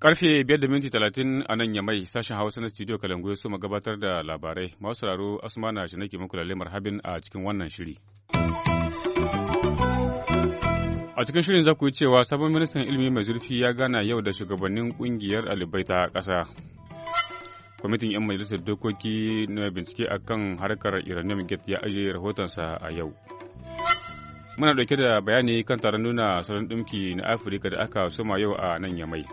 Karfe biyar da minti talatin a nan yamai sashen Hausa na studio Kalangu ya soma gabatar da labarai. Masu sauraro Asmana shi nake muku lalle marhabin a cikin wannan shiri. A cikin shirin za yi cewa sabon ministan ilimi mai zurfi ya gana yau da shugabannin kungiyar alibai ta ƙasa. kwamitin 'yan majalisar dokoki na bincike akan harkar uranium gate ya ajiye rahotonsa a yau muna dauke da bayani kan taron nuna salon ɗinki na afirka da aka soma yau a nan yamai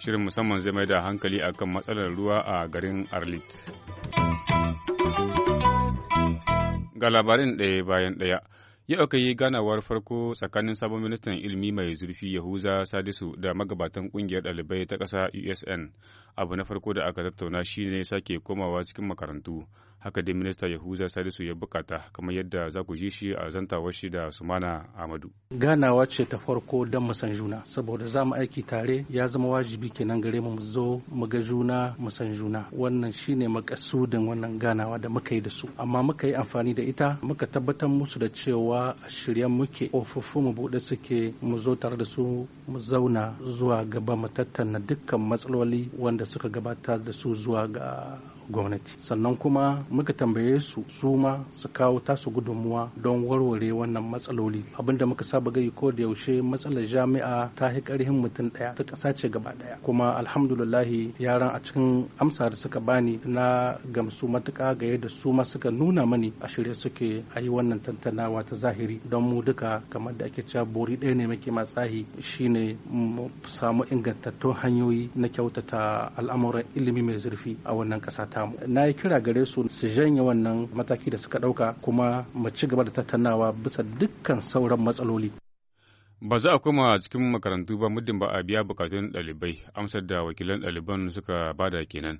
shirin musamman zai mai da hankali akan matsalar ruwa a garin arlit ga labarin ɗaya bayan ɗaya Yau aka yi ganawar farko tsakanin sabon ministan ilimi mai zurfi Yahuza Sadisu da magabatan kungiyar ɗalibai ta ƙasa USN. Abu na farko da aka tattauna shine sake komawa cikin makarantu haka dai minista yahuza salisu ya bukata kamar yadda za ku ji shi a zantawar shi da sumana amadu ganawa ce ta farko don musan juna saboda za mu aiki tare ya zama wajibi kenan gare mu zo mu ga juna mu juna wannan shine makasudin wannan ganawa da muka yi da su amma muka yi amfani da ita muka tabbatar musu da cewa a shirya muke ofuffu mu bude suke mu zo tare da su mu zauna zuwa gaba mu tattauna dukkan matsaloli wanda suka gabata da su zuwa ga gwamnati sannan kuma muka tambaye su su ma su kawo tasu gudunmuwa don warware wannan matsaloli abinda muka saba gari ko da yaushe matsalar jami'a ta yi karhin mutum daya ta ƙasa ce gaba daya kuma alhamdulillahi yaran a cikin amsa da suka bani na gamsu matuka ga yadda su ma suka nuna mani a shirye suke a yi wannan tantanawa ta zahiri don mu duka kamar da ake cewa bori ɗaya ne muke matsahi shine mu samu ingantattun hanyoyi na kyautata al'amuran ilimi mai zurfi a wannan kasa ta na yi kira gare su su janye wannan mataki da suka ɗauka kuma mu ci gaba da tattaunawa bisa dukkan sauran matsaloli ba za a koma cikin makarantu ba muddin ba a biya bukatun ɗalibai amsar da wakilan ɗaliban suka bada kenan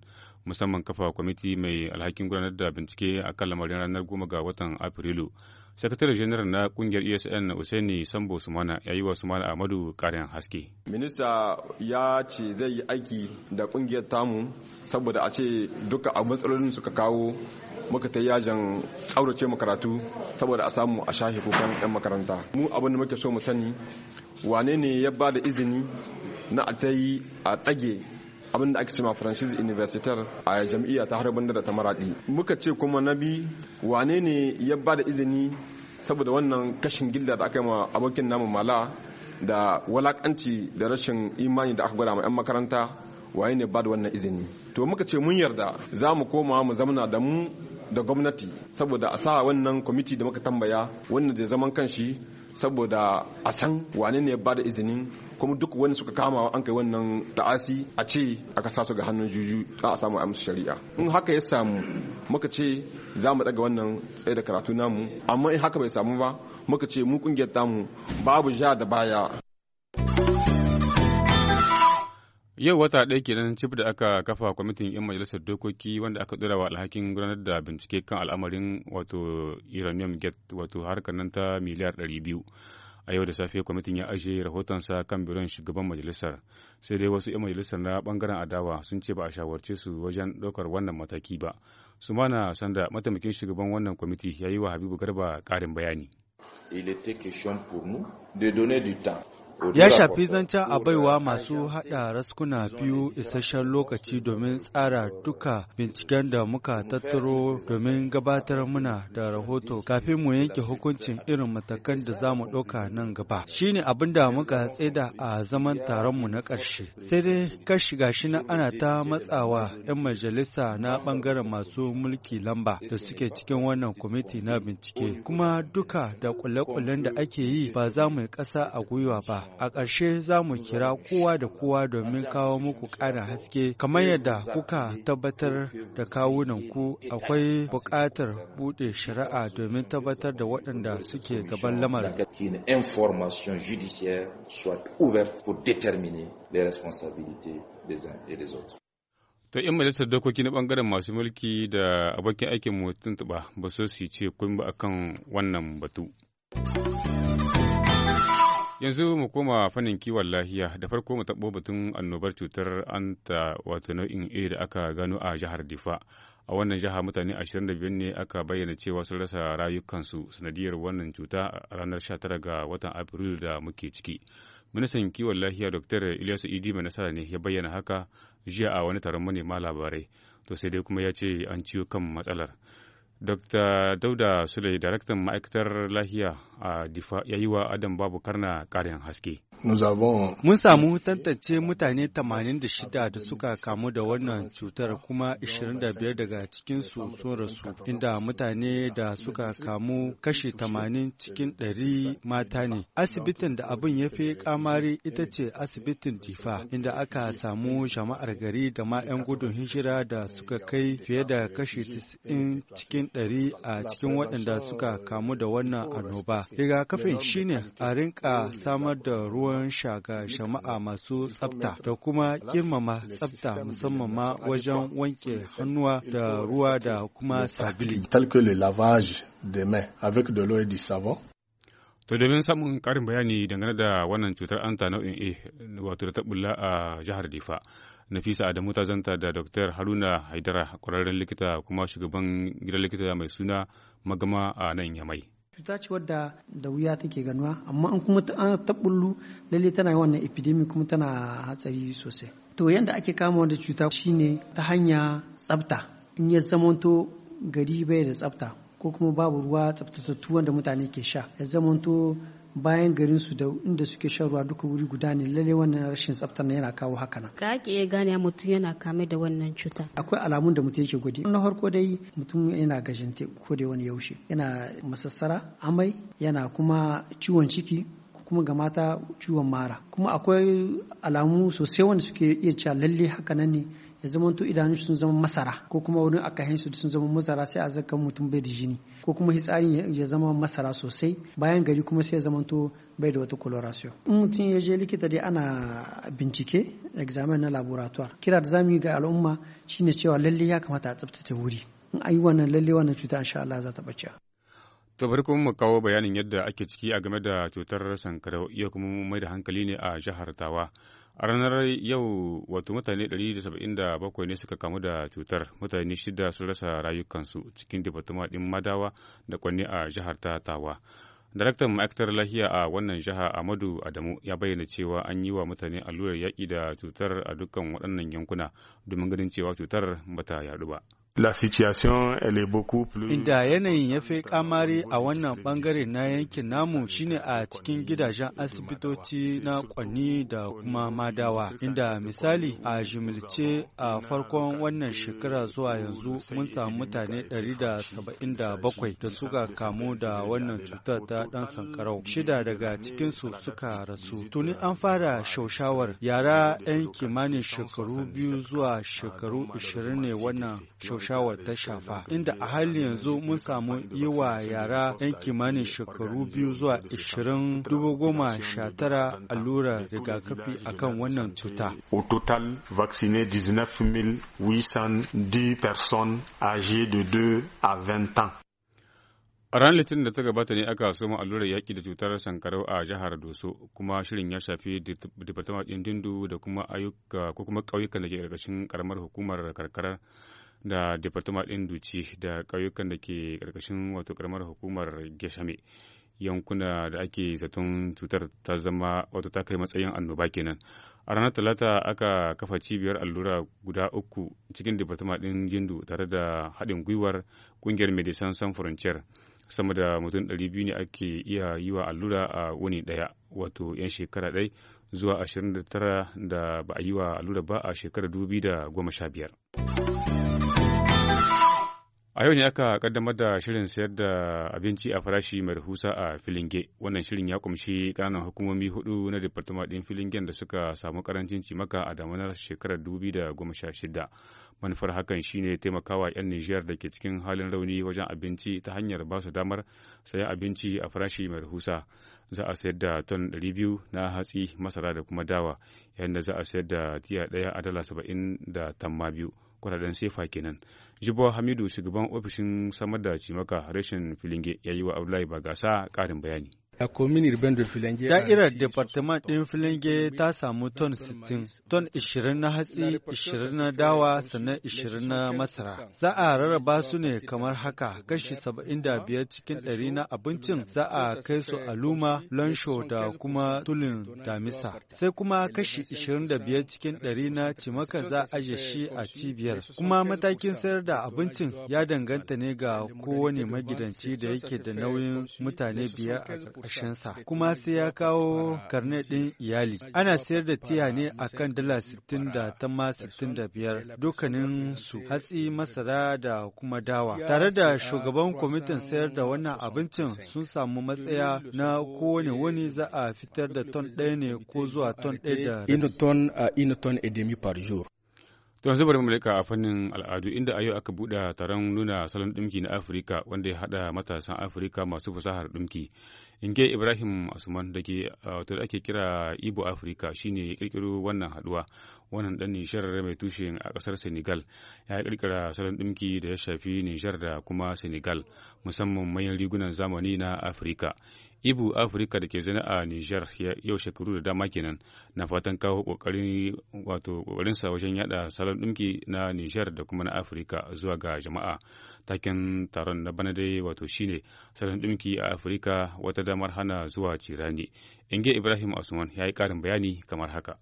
musamman kafa kwamiti mai alhakin gudanar da bincike a kan lamarin ranar goma ga watan afrilu sakatare janar na kungiyar esn usaini sambo sumana ya yi wa sumana amadu karin haske minista ya ce zai yi aiki da kungiyar tamu saboda a ce duka a matsalolin suka kawo muka ta yajin tsaurace makaratu saboda a samu a shahi kukan yan makaranta mu abin da muke so mu sani wane ne ya ba da izini na a ta yi a tsage abin da ake cewa franchise universitar a jam'iyya ta harbin da ta maradi muka ce kuma na bi wane ne ya ba da izini saboda wannan kashin gilda da aka yi ma abokin namu mala da walakanci da rashin imani da aka gwada ma 'yan makaranta waye ne ba da wannan izini to muka ce mun yarda za mu koma mu zamana da mu da gwamnati saboda a sa wannan kwamiti da muka tambaya wannan da zaman kanshi saboda a san wane ne ya bada izinin kuma duk wani suka kama an kai wannan ta'asi a ce aka sa su ga hannun juju za a samu a musu shari'a in haka ya samu muka ce za mu daga wannan tsaye da karatu namu amma in haka bai samu ba muka ce mu kungiyar tamu babu ja da baya Yau wata ɗaya kenan cif da aka kafa kwamitin 'yan majalisar dokoki wanda aka ɗora wa alhakin gudanar da bincike kan al'amarin wato uranium gate wato harkar nan ta miliyar 200. A yau da safe kwamitin ya ajiye rahotonsa kan biron shugaban majalisar sai dai wasu 'yan majalisar na bangaren adawa sun ce ba a shawarce su wajen ɗaukar wannan mataki ba. su mana Sanda mataimakin shugaban wannan kwamiti ya yi wa Habibu Garba ƙarin bayani. Il était question pour nous de donner du temps Ya shafi zancen a baiwa masu haɗa raskuna biyu isasshen lokaci domin tsara duka binciken da muka tattaro domin gabatar muna da rahoto kafin mu yanke hukuncin irin matakan da za mu ɗauka nan gaba. Shi ne abin da muka tseda a zaman taronmu na ƙarshe. Sai dai kashi gashi na ana ta matsawa 'yan majalisa na bangaren masu mulki lamba da suke cikin wannan kwamiti na bincike. Kuma duka da da ake yi ba za mu yi ƙasa a gwiwa ba. A ƙarshe za mu kira kowa da kowa domin kawo muku ƙarin haske kamar yadda kuka tabbatar da kawunan ku akwai buƙatar buɗe shari'a domin tabbatar da waɗanda suke gaban lamarin. To in majalisar dokoki na bangaren masu mulki da abokin aikin mu tuntuɓa ba so su ce kun ba akan wannan batu. Yanzu mu koma fannin kiwon lafiya da farko mu tabo batun annobar cutar anta wato nau'in A da aka gano a jihar Difa. A wannan jiha mutane 25 ne aka bayyana cewa sun rasa rayukansu sanadiyar wannan cuta a ranar 19 ga watan Afrilu da muke ciki. Ministan kiwon lafiya Dr. Ilyasu Idi mai nasara ne ya bayyana haka jiya a wani taron manema labarai. To sai dai kuma ya ce an ciwo kan matsalar. Dr. Dauda Sule, daraktan ma'aikatar lahiya a Difa, ya yi wa Adam Babu Karna ƙarin haske. Mun samu tantance mutane 86 da suka kamu da wannan cutar kuma 25 daga cikinsu sun rasu, inda mutane da suka kamu kashi 80 cikin 100 mata ne. Asibitin da abin ya fi kamari ita ce asibitin Difa, inda aka samu jama'ar gari da mayan gudun hijira da suka kai fiye da kashi 90 cikin ɗari a cikin waɗanda suka kamu da wannan annoba. Rigakafin shine a rinka samar da ruwan sha ga jama'a masu tsafta da kuma girmama tsafta musamman ma wajen wanke hannuwa da ruwa da kuma sabili. To domin samun karin bayani dangane da wannan cutar anta nau'in A wato da ta bulla a jihar Difa. Nafisa Adamu ta zanta da Dr. Haruna Haidara, kwararren likita kuma shugaban gidan likita mai suna magama a nan Yamai. cuta ce wadda da wuya take ganuwa amma in kuma an taɓullu lalle tana wannan epidemic kuma tana hatsari sosai to yadda ake kama wanda cuta shine ta hanya tsafta in ya zamanto gari bai da tsafta ko kuma babu ruwa tsaftatattu wanda mutane ke sha ya zamanto bayan garin su da inda suke shan ruwa duka wuri guda ne lalle wannan rashin tsaftar na yana kawo haka nan ka ke iya gane mutum yana kame da wannan cuta akwai alamun da mutum yake gode na farko dai mutum yana gajinte ko da wani yaushe yana masassara amai yana kuma ciwon ciki kuma ga mata ciwon mara kuma akwai alamu sosai wanda suke iya cewa lalle haka nan ne ya zama to idanun sun zama masara ko kuma wurin aka su sun zama masara sai a zaka mutum bai da jini ko kuma hitsari ya zama masara sosai bayan gari kuma sai ya zama to bai da wata coloration in mutum ya je likita dai ana bincike examen na laboratoire kira da zamu yi ga al'umma shine cewa lalle ya kamata a tsaftace wuri in ayi wannan lalle wannan cuta insha Allah za ta bace To bari kuma mu kawo bayanin yadda ake ciki a game da cutar sankarau iya kuma mai da hankali ne a jihar Tawa. A ranar yau wato mutane 177 ne suka kamu da cutar, mutane shida sun rasa rayukansu cikin dibatuma ɗin Madawa da kwanne a jihar ta Tawa. Daraktan ma'aikatar lahiya a wannan jiha Amadu Adamu ya bayyana cewa an yi wa mutane allurar yaƙi da cutar a dukkan waɗannan yankuna domin ganin cewa cutar bata yaɗu ba. La situation elle est beaucoup plus Inda yanayin ya fi kamari a wannan bangare na yankin namu shine a cikin gidajen asibitoci na kwanni da kuma madawa inda misali a jimilce a farkon wannan shekara zuwa yanzu mun samu mutane 177 da suka kamu da wannan cutar ta dan sankarau shida daga cikin su suka rasu tuni an fara shaushawar yara 'yan kimanin shekaru biyu zuwa shekaru 20 ne wannan shaushawar shawar ta shafa inda a halin yanzu mun samu yi wa yara yan kimanin shekaru biyu zuwa ishirin dubu goma sha tara allurar rigakafi a kan wannan cuta. Au total, vaccine 19,810 810 personnes âgées de 2 à 20 ans. A ranar Litinin da ta gabata ne aka soma allurar yaƙi da cutar sankarau a jihar Doso, kuma shirin ya shafi Departamar ɗin Dindu da kuma ayyuka ko kuma ƙauyukan da ke ƙarƙashin ƙaramar hukumar karkarar da Departement ɗin duci da ƙauyukan da ke ƙarƙashin wato ƙaramar hukumar geshame yankuna da ake zaton cutar ta zama wato ta kai matsayin annoba kenan a ranar talata aka kafa cibiyar allura guda uku cikin Departement ɗin jindu tare da haɗin gwiwar ƙungiyar medecins sans frontier sama da mutum biyu ne ake iya yi wa allura a wani ɗaya wato 'yan shekara ɗai zuwa ashirin da tara da ba a yi wa allura ba a shekarar biyar. A yau ne aka kaddamar da shirin sayar da abinci a farashi mai rahusa a Filinge. Wannan shirin ya kumshi kananan hukumomi hudu na Departement ɗin Filingen da suka samu karancin cimaka a damanar shekarar 2016. Manufar hakan shine taimakawa 'yan Nijiyar da ke cikin halin rauni wajen abinci ta hanyar ba su damar sayan abinci a farashi mai rahusa. Za a sayar da ton biyu na hatsi, masara da kuma dawa, yayin da za a sayar da tiya ɗaya a dala saba'in da tamma biyu. kudaden sefa kenan jibo hamidu shugaban ofishin samar da cimaka rashin filinge ya yi wa abdullahi bagasa ƙarin bayani a filange da Da'irar Departement din filange ta samu ton 60, ton 20 na hatsi, 20 na dawa, sannan 20 na masara. Za a rarraba su ne kamar haka, kashi 75 cikin 100 na abincin za a kai su a Luma, Lansho da kuma Tulin Damisa. Sai kuma kashi 25 cikin 100 na cimaka za a aje shi a cibiyar. Kuma matakin sayar da abincin ya danganta ne ga kowane magidanci da yake da nauyin mutane biyar a ƙarshensa, kuma sai ya kawo karnet ɗin iyali. Ana sayar da tiya ne a kan dala sittin da tamma sittin da biyar dukkanin su hatsi masara da kuma dawa. Tare da shugaban kwamitin sayar da wannan abincin sun samu matsaya na kowane wani za a fitar da ton ɗaya ne ko zuwa ton ɗaya da. par To yanzu bari mu leka a fannin al'adu inda a yau aka buɗe taron nuna salon ɗumki na Afirka wanda ya haɗa matasan Afirka masu fasahar ɗumki. Inge Ibrahim Asuman da ke da ake kira Ibo Afirka shine ya ƙirƙiro wannan haɗuwa. Wannan ɗan Nijar mai tushe a ƙasar Senegal ya ƙirƙira salon ɗumki da ya shafi nishar da kuma Senegal musamman manyan rigunan zamani na Afirka. ibu afirka da ke zina a niger yau shekaru da dama kenan na fatan kawo kokarin wato kokarinsa wajen yada salon dinki na niger da kuma na afirka zuwa ga jama'a taken taron na bana dai wato shine salon dinki a afirka wata damar hana zuwa cirani inge ibrahim asuman ya yi karin bayani kamar haka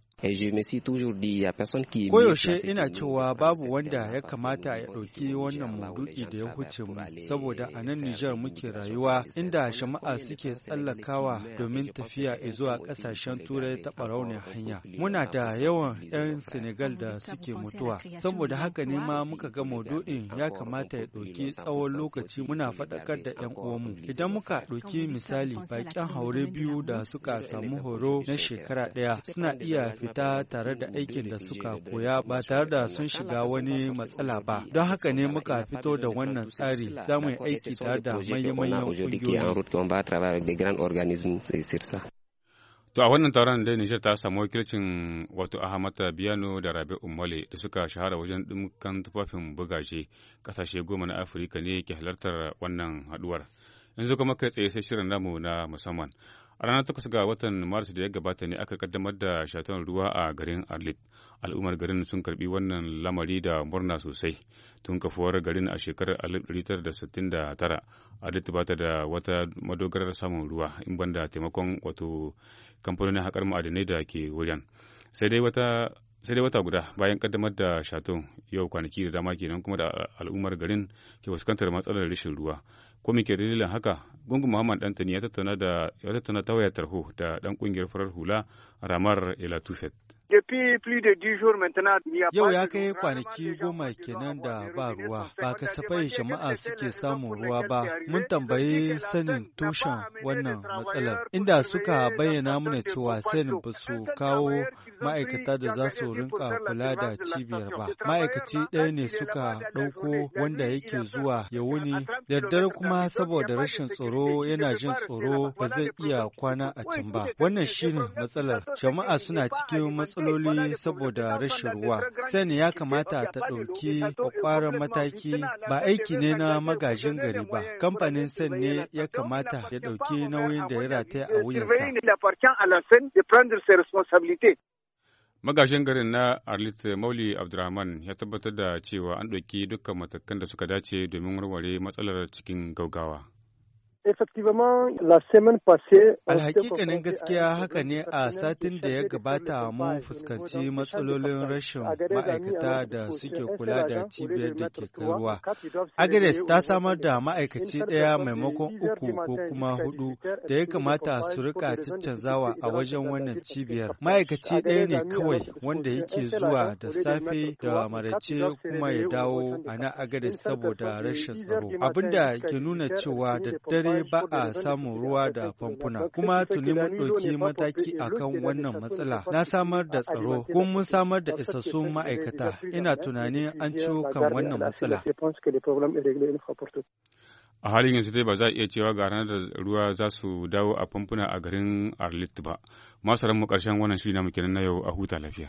Koyaushe ina cewa babu wanda ya kamata ya ɗauki wannan maudu'i da ya huce mu, saboda a nan Nijar muke rayuwa inda jama'a suke tsallakawa domin tafiya zuwa ƙasashen turai ta ɓaraunin hanya. Muna da yawan 'yan Senegal da suke mutuwa, saboda haka ne ma muka ga maudu'in ya kamata ya ɗauki tsawon lokaci muna faɗakar da 'yan uwanmu. Idan muka ɗauki misali baƙin haure biyu da suka samu horo na shekara ɗaya suna iya fita tare da aikin da suka koya ba tare da sun shiga wani matsala ba. Don haka ne muka fito da wannan tsari za mu yi aiki tare da manya-manyan To a wannan taron da Nijar ta samu wakilcin wato Ahmad Biyano da Rabi Umale da suka shahara wajen dukkan tufafin bugaje kasashe goma na Afirka ne ke halartar wannan haduwar. Yanzu kuma kai tsaye sai shirin namu na musamman. A ranar takwas ga watan Maris da ya gabata ne aka kaddamar da shaton ruwa a garin Arlit. Al'ummar garin sun karbi wannan lamari da murna sosai. Tun kafuwar garin a shekarar 1969, Arlit ba ta da wata madogarar samun ruwa in banda taimakon wato kamfanonin haƙar ma'adinai da ke wurin. Sai dai wata guda bayan kaddamar da shaton yau kwanaki da dama kenan kuma da al'ummar garin ke fuskantar matsalar rashin ruwa ko muke dalilin haka gungun muhammad dantani ya tattauna ta wayar tarho da dan kungiyar farar hula ramar elatufet Yau ya kai kwanaki goma kenan da ba ruwa, ba kasafai jama'a suke samun ruwa ba. Mun tambayi sanin tushen wannan matsalar, inda suka bayyana mana cewa sanin ba su kawo ma'aikata da za su rinka kula da cibiyar ba. Ma'aikaci ɗaya ne suka ɗauko wanda yake zuwa ya wuni, daddare kuma saboda rashin tsoro yana jin tsoro ba zai iya kwana a can ba. Wannan shine matsalar. Jama'a suna cikin matsala matsaloli saboda rashin ruwa. Sani ya kamata ta ɗauki kwakwaran mataki ba aiki ne na magajin gari ba. Kamfanin san ne ya kamata ya ɗauki nauyin da ya rataya a wuyansa. Magashin garin na Arlit Mauli Abdurrahman ya tabbatar da cewa an ɗauki dukkan matakan da suka dace domin warware matsalar cikin gaugawa. Alhakikanin gaskiya haka ne a satin da ya gabata mun fuskanci matsalolin rashin ma'aikata da suke kula da cibiyar da ke karuwa. Agnes ta samar da ma'aikaci ɗaya maimakon uku ko kuma hudu da ya kamata su rika caccanzawa a wajen wannan cibiyar. Ma'aikaci ɗaya ne kawai wanda yake zuwa da safe da marace kuma ya dawo a na Agnes saboda rashin tsaro. Abin da ke nuna cewa da dare ba a samun ruwa da famfuna kuma tuni mun ɗauki mataki akan wannan matsala na samar da tsaro kuma mun samar da isassun ma'aikata ina tunanin an ciwo kan wannan matsala a halin yanzu dai ba za a iya cewa ga ranar da ruwa za su dawo a famfuna a garin arlit ba masu mu karshen wannan shi na muke na yau a huta lafiya